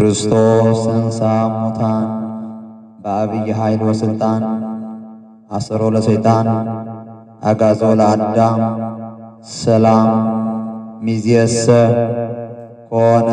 ክርስቶስ ተንሥአ እሙታን በአብይ ኃይል ወሥልጣን አስሮ ለሰይጣን አጋዞ ለአዳም ሰላም ሚዝየሰ ከሆነ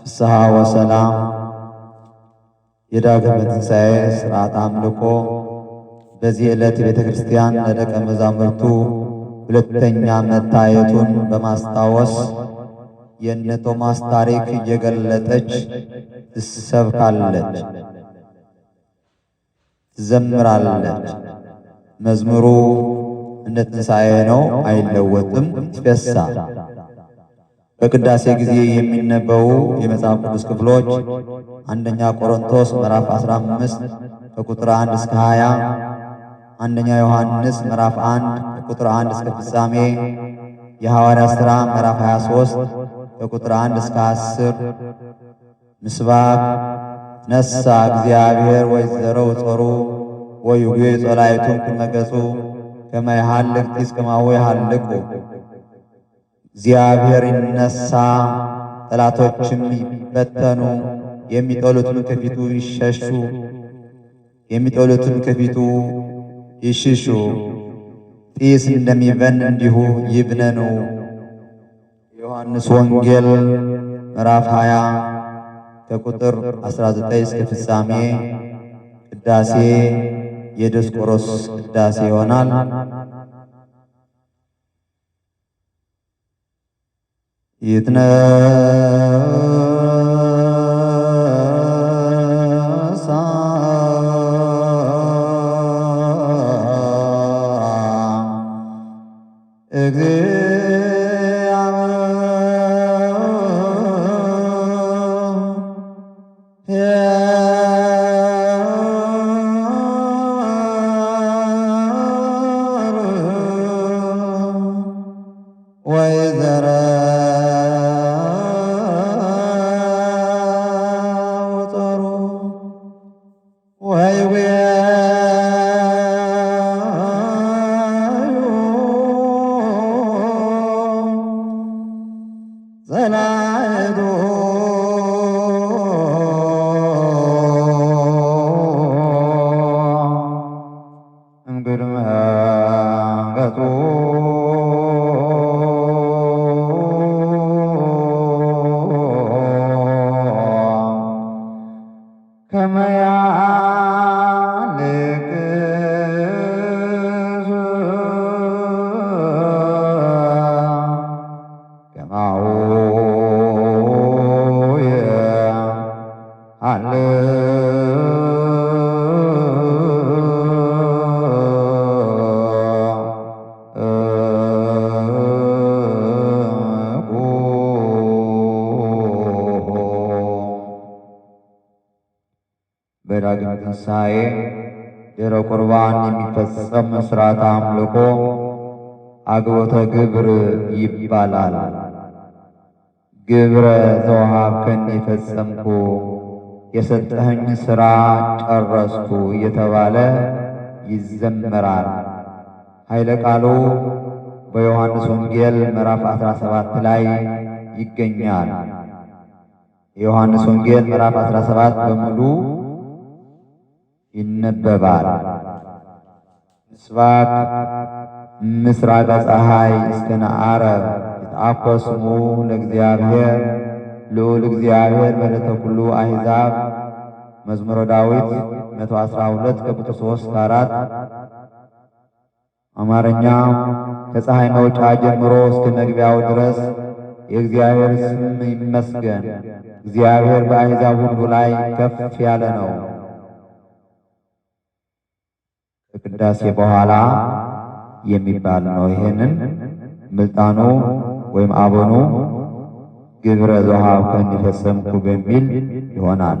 ፍስሐ ወሰላም። የዳግመ ትንሣኤ ሥርዓት አምልኮ በዚህ ዕለት የቤተ ክርስቲያን ለደቀ መዛሙርቱ ሁለተኛ መታየቱን በማስታወስ የእነ ቶማስ ታሪክ እየገለጠች ትሰብካለች፣ ትዘምራለች። መዝሙሩ እንደ ትንሣኤ ነው፣ አይለወጥም። ትፈሳ በቅዳሴ ጊዜ የሚነበቡ የመጽሐፍ ቅዱስ ክፍሎች አንደኛ ቆሮንቶስ ምዕራፍ 15 ከቁጥር 1 እስከ 20፣ አንደኛ ዮሐንስ ምዕራፍ 1 ከቁጥር 1 እስከ ፍጻሜ፣ የሐዋርያ ሥራ ምዕራፍ 23 ከቁጥር አንድ እስከ አስር ምስባክ ነሳ እግዚአብሔር ጾሩ ወይ ወይጉ ጸላይቱን ክመገጹ ከማይሃልቅ ዲስከማው ይሃልቁ እግዚአብሔር ይነሳ ጠላቶችም ይበተኑ የሚጠሉትም ከፊቱ ይሸሹ የሚጠሉትም ከፊቱ ይሽሹ ጢስ እንደሚበን እንዲሁ ይብነኑ ዮሐንስ ወንጌል ምዕራፍ 20 ከቁጥር 19 እስከ ፍጻሜ ቅዳሴ የዲዮስቆሮስ ቅዳሴ ይሆናል። ይትነ وإذ በዳግም ትንሣኤ ድኅረ ቁርባን የሚፈጸም ሥርዓተ አምልኮ አግቦተ ግብር ይባላል። ግብረ ዘውሃብከን የፈጸምኩ የሰጠኸኝ ሥራ ጨረስኩ እየተባለ ይዘመራል። ኃይለ ቃሉ በዮሐንስ ወንጌል ምዕራፍ 17 ላይ ይገኛል። የዮሐንስ ወንጌል ምዕራፍ 17 በሙሉ ይነበባል። ምስባክ ምስራቀ ፀሐይ እስከ ነዓረብ ይትአኮ ስሙ ለእግዚአብሔር ልዑል እግዚአብሔር በለተ ኩሉ አሕዛብ። መዝሙረ ዳዊት 112 ከቁጥር 3 4 አማርኛ ከፀሐይ መውጫ ጀምሮ እስከ መግቢያው ድረስ የእግዚአብሔር ስም ይመስገን። እግዚአብሔር በአሕዛብ ሁሉ ላይ ከፍ ያለ ነው። ከቅዳሴ በኋላ የሚባል ነው። ይህንን ምልጣኑ ወይም አበኑ ግብረ ዘወሀብከኒ ፈጸምኩ በሚል ይሆናል።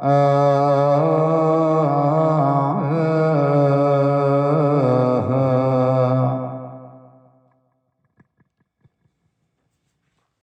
uh,